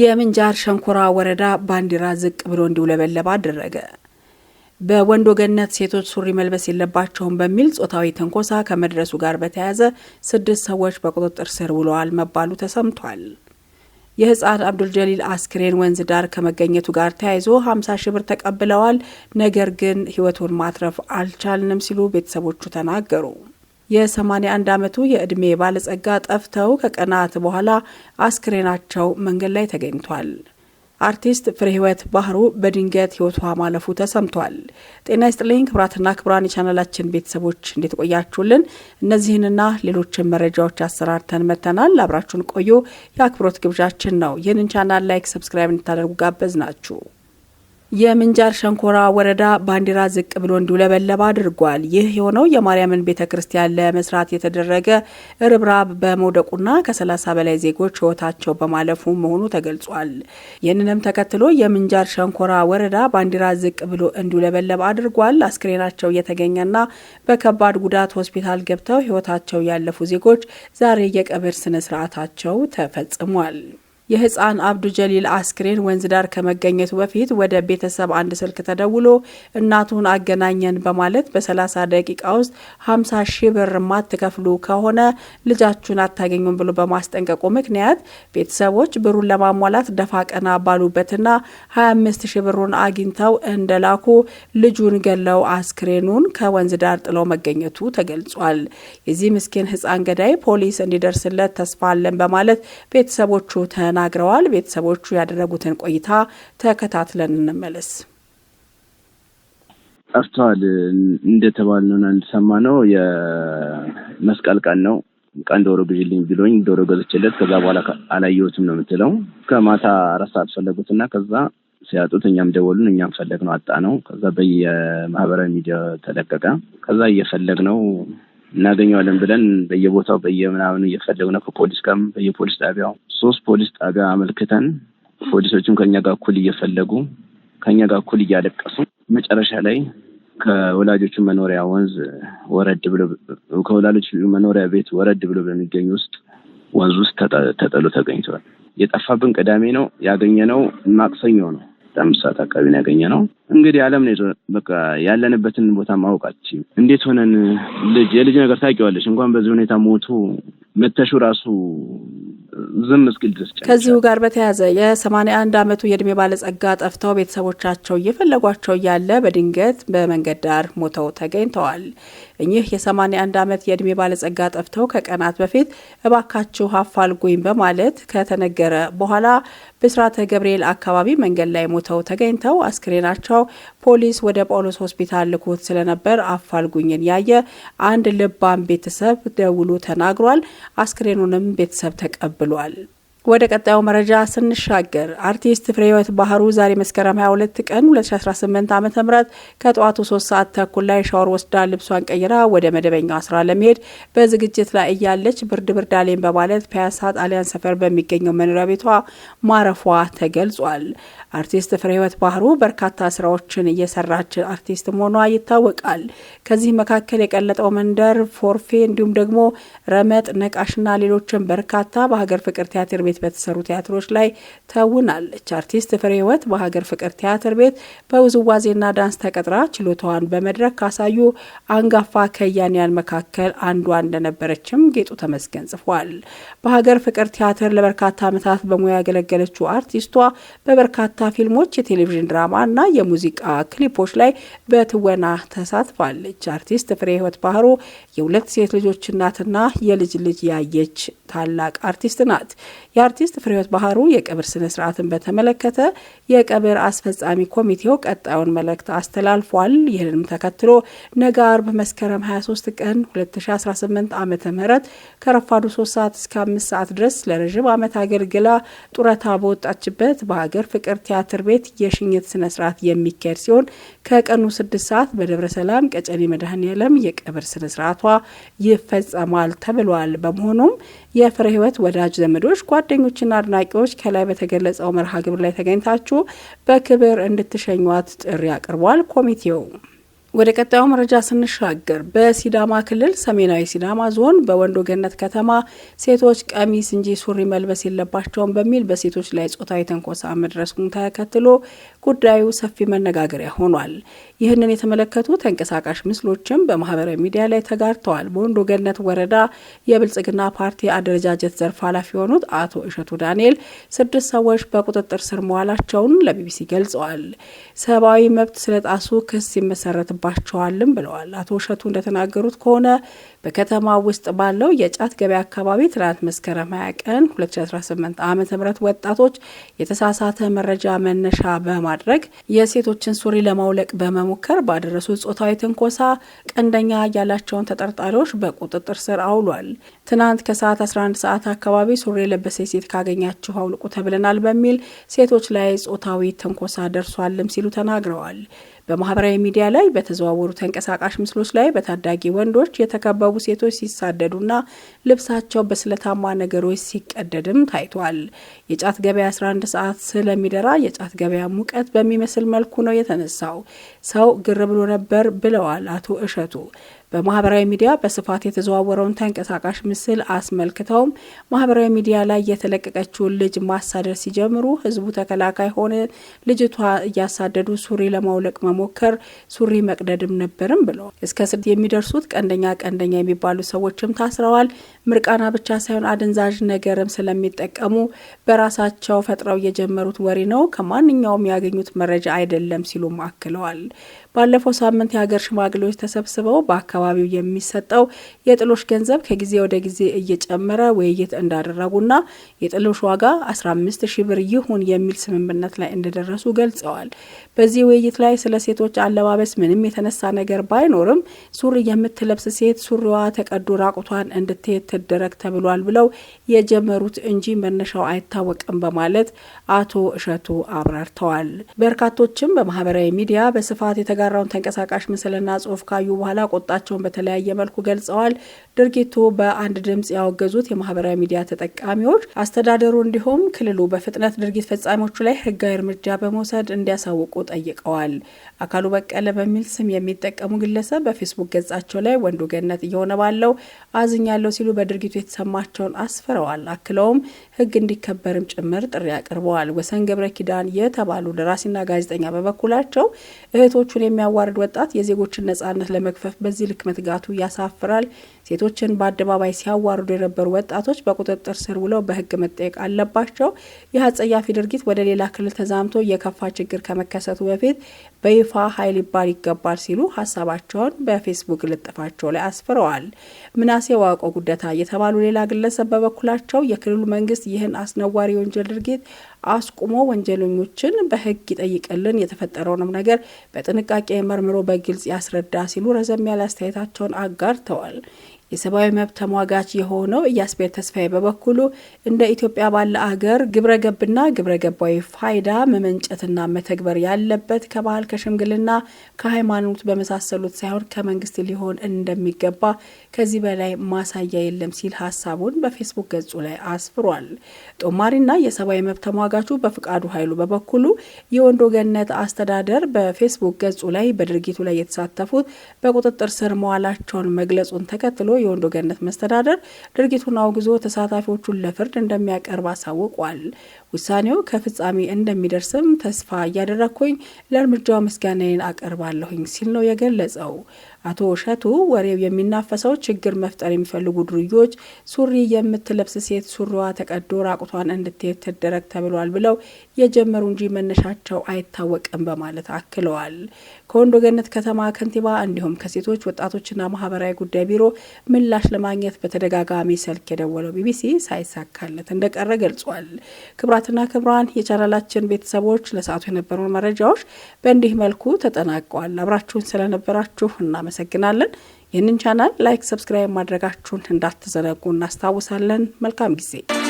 የምንጃር ሸንኮራ ወረዳ ባንዲራ ዝቅ ብሎ እንዲውለበለብ አደረገ። በወንዶ ገነት ሴቶች ሱሪ መልበስ የለባቸውም በሚል ጾታዊ ትንኮሳ ከመድረሱ ጋር በተያያዘ ስድስት ሰዎች በቁጥጥር ስር ውለዋል መባሉ ተሰምቷል። የህፃን አብዱልጀሊል አስክሬን ወንዝ ዳር ከመገኘቱ ጋር ተያይዞ 50 ሺ ብር ተቀብለዋል፣ ነገር ግን ህይወቱን ማትረፍ አልቻልንም ሲሉ ቤተሰቦቹ ተናገሩ። የ81 ዓመቱ የዕድሜ ባለጸጋ ጠፍተው ከቀናት በኋላ አስክሬናቸው መንገድ ላይ ተገኝቷል። አርቲስት ፍሬ ህይወት ባህሩ በድንገት ህይወቷ ማለፉ ተሰምቷል። ጤና ይስጥልኝ ክብራትና ክብራን የቻናላችን ቤተሰቦች እንዴት ቆያችሁልን? እነዚህንና ሌሎችን መረጃዎች አሰራርተን መጥተናል። አብራችሁን ቆዩ የአክብሮት ግብዣችን ነው። ይህንን ቻናል ላይክ፣ ሰብስክራይብ እንድታደርጉ ጋበዝ ናችሁ። የምንጃር ሸንኮራ ወረዳ ባንዲራ ዝቅ ብሎ እንዲውለበለብ አድርጓል። ይህ የሆነው የማርያምን ቤተ ክርስቲያን ለመስራት የተደረገ ርብራብ በመውደቁና ከ30 በላይ ዜጎች ህይወታቸው በማለፉ መሆኑ ተገልጿል። ይህንንም ተከትሎ የምንጃር ሸንኮራ ወረዳ ባንዲራ ዝቅ ብሎ እንዲውለበለብ አድርጓል። አስክሬናቸው እየተገኘና በከባድ ጉዳት ሆስፒታል ገብተው ህይወታቸው ያለፉ ዜጎች ዛሬ የቀብር ስነስርዓታቸው ተፈጽሟል። የህፃን አብዱ ጀሊል አስክሬን ወንዝ ዳር ከመገኘቱ በፊት ወደ ቤተሰብ አንድ ስልክ ተደውሎ እናቱን አገናኘን በማለት በ30 ደቂቃ ውስጥ 50 ሺህ ብር ማትከፍሉ ከሆነ ልጃችሁን አታገኙም ብሎ በማስጠንቀቁ ምክንያት ቤተሰቦች ብሩን ለማሟላት ደፋ ቀና ባሉበትና 25 ሺህ ብሩን አግኝተው እንደላኩ ልጁን ገለው አስክሬኑን ከወንዝ ዳር ጥለው መገኘቱ ተገልጿል። የዚህ ምስኪን ህፃን ገዳይ ፖሊስ እንዲደርስለት ተስፋ አለን በማለት ቤተሰቦቹ ተ ተናግረዋል። ቤተሰቦቹ ያደረጉትን ቆይታ ተከታትለን እንመለስ። ጠፍተዋል እንድሰማ ነው። የመስቀል ቀን ነው ቀን ዶሮ ግዥልኝ ብሎኝ ዶሮ ገዝቼለት ከዛ በኋላ አላየሁትም ነው የምትለው። ከማታ አራት ሰዓት ፈለጉት ከዛ ሲያጡት እኛም ደወሉን። እኛም ፈለግ ነው አጣ ነው። ከዛ በየማህበራዊ ሚዲያ ተለቀቀ። ከዛ እየፈለግ ነው እናገኘዋለን ብለን በየቦታው በየምናምኑ እየፈለጉ ነው። ከፖሊስ ጋር በየፖሊስ ጣቢያው ሶስት ፖሊስ ጣቢያ አመልክተን ፖሊሶችም ከኛ ጋር እኩል እየፈለጉ ከኛ ጋር እኩል እያለቀሱ መጨረሻ ላይ ከወላጆቹ መኖሪያ ወንዝ ወረድ ብሎ ከወላጆች መኖሪያ ቤት ወረድ ብሎ በሚገኝ ውስጥ ወንዝ ውስጥ ተጠሎ ተገኝተዋል። የጠፋብን ቅዳሜ ነው ያገኘ ነው ማቅሰኞ ነው። በጣም ሰዓት አካባቢ ነው እንግዲህ አለም ነው በቃ ያለንበትን ቦታ ማወቃችን እንዴት ሆነን ልጅ የልጅ ነገር ታውቂዋለሽ። እንኳን በዚህ ሁኔታ ሞቱ መተሹ ራሱ ዝም እስኪል ድረስ። ከዚሁ ጋር በተያዘ የሰማኒያ አንድ አመቱ የእድሜ ባለጸጋ ጠፍተው ቤተሰቦቻቸው እየፈለጓቸው እያለ በድንገት በመንገድ ዳር ሞተው ተገኝተዋል። እኚህ የሰማኒያ አንድ ዓመት የእድሜ ባለጸጋ ጠፍተው ከቀናት በፊት እባካችሁ አፋልጉኝ በማለት ከተነገረ በኋላ ብስራተ ገብርኤል አካባቢ መንገድ ላይ ሞተው ተገኝተው አስክሬናቸው መጨረሻው ፖሊስ ወደ ጳውሎስ ሆስፒታል ልኮት ስለነበር አፋልጉኝን ያየ አንድ ልባም ቤተሰብ ደውሎ ተናግሯል። አስክሬኑንም ቤተሰብ ተቀብሏል። ወደ ቀጣዩ መረጃ ስንሻገር አርቲስት ፍሬህይወት ባህሩ ዛሬ መስከረም 22 ቀን 2018 ዓ ም ከጠዋቱ 3 ሰዓት ተኩል ላይ ሻወር ወስዳ ልብሷን ቀይራ ወደ መደበኛው ስራ ለመሄድ በዝግጅት ላይ እያለች ብርድ ብርድ አለኝ በማለት ፒያሳ ጣሊያን ሰፈር በሚገኘው መኖሪያ ቤቷ ማረፏ ተገልጿል። አርቲስት ፍሬህይወት ባህሩ በርካታ ስራዎችን እየሰራች አርቲስት መሆኗ ይታወቃል። ከዚህ መካከል የቀለጠው መንደር፣ ፎርፌ እንዲሁም ደግሞ ረመጥ፣ ነቃሽና ሌሎችን በርካታ በሀገር ፍቅር ቲያትር ቤት ቤት በተሰሩ ቲያትሮች ላይ ተውናለች። አርቲስት ፍሬ ህይወት በሀገር ፍቅር ቲያትር ቤት በውዝዋዜና ዳንስ ተቀጥራ ችሎታዋን በመድረክ ካሳዩ አንጋፋ ከያንያን መካከል አንዷ እንደነበረችም ጌጡ ተመስገን ጽፏል። በሀገር ፍቅር ቲያትር ለበርካታ ዓመታት በሙያ ያገለገለችው አርቲስቷ በበርካታ ፊልሞች፣ የቴሌቪዥን ድራማ እና የሙዚቃ ክሊፖች ላይ በትወና ተሳትፋለች። አርቲስት ፍሬ ህይወት ባህሩ የሁለት ሴት ልጆች እናትና የልጅ ልጅ ያየች ታላቅ አርቲስት ናት። የአርቲስት ፍሬህይወት ባህሩ የቀብር ስነ ስርዓትን በተመለከተ የቀብር አስፈጻሚ ኮሚቴው ቀጣዩን መልእክት አስተላልፏል። ይህንም ተከትሎ ነገ አርብ መስከረም 23 ቀን 2018 ዓ ም ከረፋዱ 3 ሰዓት እስከ 5 ሰዓት ድረስ ለረዥም ዓመት አገልግላ ጡረታ በወጣችበት በሀገር ፍቅር ቲያትር ቤት የሽኝት ስነ ስርዓት የሚካሄድ ሲሆን ከቀኑ 6 ሰዓት በደብረ ሰላም ቀጨኔ መድኃኔ ዓለም የቀብር ስነ ስርዓቷ ይፈጸማል ተብሏል። በመሆኑም የፍሬ ህይወት ወዳጅ ዘመዶች፣ ጓደኞችና አድናቂዎች ከላይ በተገለጸው መርሃ ግብር ላይ ተገኝታችሁ በክብር እንድትሸኟት ጥሪ አቅርቧል ኮሚቴው። ወደ ቀጣዩ መረጃ ስንሻገር በሲዳማ ክልል ሰሜናዊ ሲዳማ ዞን በወንዶ ገነት ከተማ ሴቶች ቀሚስ እንጂ ሱሪ መልበስ የለባቸውም በሚል በሴቶች ላይ ጾታዊ ትንኮሳ መድረሱን ተከትሎ ጉዳዩ ሰፊ መነጋገሪያ ሆኗል። ይህንን የተመለከቱ ተንቀሳቃሽ ምስሎችም በማህበራዊ ሚዲያ ላይ ተጋርተዋል። በወንዶ ገነት ወረዳ የብልጽግና ፓርቲ አደረጃጀት ዘርፍ ኃላፊ የሆኑት አቶ እሸቱ ዳንኤል ስድስት ሰዎች በቁጥጥር ስር መዋላቸውን ለቢቢሲ ገልጸዋል። ሰብአዊ መብት ስለጣሱ ክስ ይመሰረትባቸዋልም ብለዋል። አቶ እሸቱ እንደተናገሩት ከሆነ በከተማ ውስጥ ባለው የጫት ገበያ አካባቢ ትናንት መስከረም 20 ቀን 2018 ዓ ም ወጣቶች የተሳሳተ መረጃ መነሻ በማ በማድረግ የሴቶችን ሱሪ ለማውለቅ በመሞከር ባደረሱ ጾታዊ ትንኮሳ ቀንደኛ ያላቸውን ተጠርጣሪዎች በቁጥጥር ስር አውሏል። ትናንት ከሰዓት 11 ሰዓት አካባቢ ሱሪ የለበሰች ሴት ካገኛችሁ አውልቁ ተብለናል በሚል ሴቶች ላይ ጾታዊ ትንኮሳ ደርሷልም ሲሉ ተናግረዋል። በማህበራዊ ሚዲያ ላይ በተዘዋወሩ ተንቀሳቃሽ ምስሎች ላይ በታዳጊ ወንዶች የተከበቡ ሴቶች ሲሳደዱና ልብሳቸው በስለታማ ነገሮች ሲቀደድም ታይቷል። የጫት ገበያ 11 ሰዓት ስለሚደራ የጫት ገበያ ሙቀት በሚመስል መልኩ ነው የተነሳው። ሰው ግር ብሎ ነበር ብለዋል አቶ እሸቱ። በማህበራዊ ሚዲያ በስፋት የተዘዋወረውን ተንቀሳቃሽ ምስል አስመልክተውም ማህበራዊ ሚዲያ ላይ የተለቀቀችውን ልጅ ማሳደድ ሲጀምሩ ህዝቡ ተከላካይ ሆነ። ልጅቷ እያሳደዱ ሱሪ ለማውለቅ መሞከር ሱሪ መቅደድም ነበርም ብለዋል። እስከ ስድስት የሚደርሱት ቀንደኛ ቀንደኛ የሚባሉ ሰዎችም ታስረዋል። ምርቃና ብቻ ሳይሆን አደንዛዥ ነገርም ስለሚጠቀሙ በራሳቸው ፈጥረው የጀመሩት ወሬ ነው፣ ከማንኛውም ያገኙት መረጃ አይደለም ሲሉም አክለዋል። ባለፈው ሳምንት የሀገር ሽማግሌዎች ተሰብስበው በአካባቢ በአካባቢው የሚሰጠው የጥሎሽ ገንዘብ ከጊዜ ወደ ጊዜ እየጨመረ ውይይት እንዳደረጉና የጥሎሽ ዋጋ 15 ሺ ብር ይሁን የሚል ስምምነት ላይ እንደደረሱ ገልጸዋል። በዚህ ውይይት ላይ ስለ ሴቶች አለባበስ ምንም የተነሳ ነገር ባይኖርም ሱሪ የምትለብስ ሴት ሱሪዋ ተቀዶ ራቁቷን እንድትሄድ ትደረግ ተብሏል ብለው የጀመሩት እንጂ መነሻው አይታወቅም በማለት አቶ እሸቱ አብራርተዋል። በርካቶችም በማህበራዊ ሚዲያ በስፋት የተጋራውን ተንቀሳቃሽ ምስልና ጽሁፍ ካዩ በኋላ ቆጣቸው። ስጋታቸውን በተለያየ መልኩ ገልጸዋል። ድርጊቱ በአንድ ድምፅ ያወገዙት የማህበራዊ ሚዲያ ተጠቃሚዎች አስተዳደሩ እንዲሁም ክልሉ በፍጥነት ድርጊት ፈጻሚዎቹ ላይ ህጋዊ እርምጃ በመውሰድ እንዲያሳውቁ ጠይቀዋል። አካሉ በቀለ በሚል ስም የሚጠቀሙ ግለሰብ በፌስቡክ ገጻቸው ላይ ወንዱ ገነት እየሆነ ባለው አዝኛለሁ ሲሉ በድርጊቱ የተሰማቸውን አስፍረዋል። አክለውም ህግ እንዲከበርም ጭምር ጥሪ አቅርበዋል። ወሰን ገብረ ኪዳን የተባሉ ደራሲና ጋዜጠኛ በበኩላቸው እህቶቹን የሚያዋርድ ወጣት የዜጎችን ነጻነት ለመግፈፍ በዚህ ልክ መትጋቱ ያሳፍራል። ሴቶችን በአደባባይ ሲያዋርዱ የነበሩ ወጣቶች በቁጥጥር ስር ውለው በህግ መጠየቅ አለባቸው። ይህ አጸያፊ ድርጊት ወደ ሌላ ክልል ተዛምቶ የከፋ ችግር ከመከሰቱ በፊት በይፋ ኃይል ይባል ይገባል ሲሉ ሀሳባቸውን በፌስቡክ ልጥፋቸው ላይ አስፍረዋል። ምናሴ ዋቆ ጉደታ የተባሉ ሌላ ግለሰብ በበኩላቸው የክልሉ መንግስት ይህን አስነዋሪ የወንጀል ድርጊት አስቁሞ ወንጀለኞችን በህግ ይጠይቅልን፣ የተፈጠረውንም ነገር በጥንቃቄ መርምሮ በግልጽ ያስረዳ ሲሉ ረዘም ያለ አስተያየታቸውን አጋርተዋል። የሰብአዊ መብት ተሟጋች የሆነው ኢያስቤር ተስፋዬ በበኩሉ እንደ ኢትዮጵያ ባለ አገር ግብረ ገብና ግብረ ገባዊ ፋይዳ መመንጨትና መተግበር ያለበት ከባህል ከሽምግልና ከሃይማኖት በመሳሰሉት ሳይሆን ከመንግስት ሊሆን እንደሚገባ ከዚህ በላይ ማሳያ የለም ሲል ሀሳቡን በፌስቡክ ገጹ ላይ አስፍሯል። ጦማሪና የሰብአዊ መብት ተሟጋቹ በፍቃዱ ኃይሉ በበኩሉ የወንዶ ገነት አስተዳደር በፌስቡክ ገጹ ላይ በድርጊቱ ላይ የተሳተፉት በቁጥጥር ስር መዋላቸውን መግለጹን ተከትሎ የወንዶ ገነት መስተዳደር ድርጊቱን አውግዞ ተሳታፊዎቹን ለፍርድ እንደሚያቀርብ አሳውቋል። ውሳኔው ከፍጻሜ እንደሚደርስም ተስፋ እያደረግኩኝ ለእርምጃው ምስጋናዬን አቀርባለሁኝ ሲል ነው የገለጸው። አቶ እሸቱ ወሬው የሚናፈሰው ችግር መፍጠር የሚፈልጉ ዱርዮች ሱሪ የምትለብስ ሴት ሱሪዋ ተቀዶ ራቁቷን እንድትሄድ ትደረግ ተብሏል ብለው የጀመሩ እንጂ መነሻቸው አይታወቅም በማለት አክለዋል። ከወንዶ ገነት ከተማ ከንቲባ እንዲሁም ከሴቶች ወጣቶችና ማህበራዊ ጉዳይ ቢሮ ምላሽ ለማግኘት በተደጋጋሚ ስልክ የደወለው ቢቢሲ ሳይሳካለት እንደቀረ ገልጿል። ክብራት ክቡራትና ክብራን የቻናላችን ቤተሰቦች ለሰዓቱ የነበሩን መረጃዎች በእንዲህ መልኩ ተጠናቀዋል። አብራችሁን ስለነበራችሁ እናመሰግናለን። ይህንን ቻናል ላይክ፣ ሰብስክራይብ ማድረጋችሁን እንዳትዘነጉ እናስታውሳለን። መልካም ጊዜ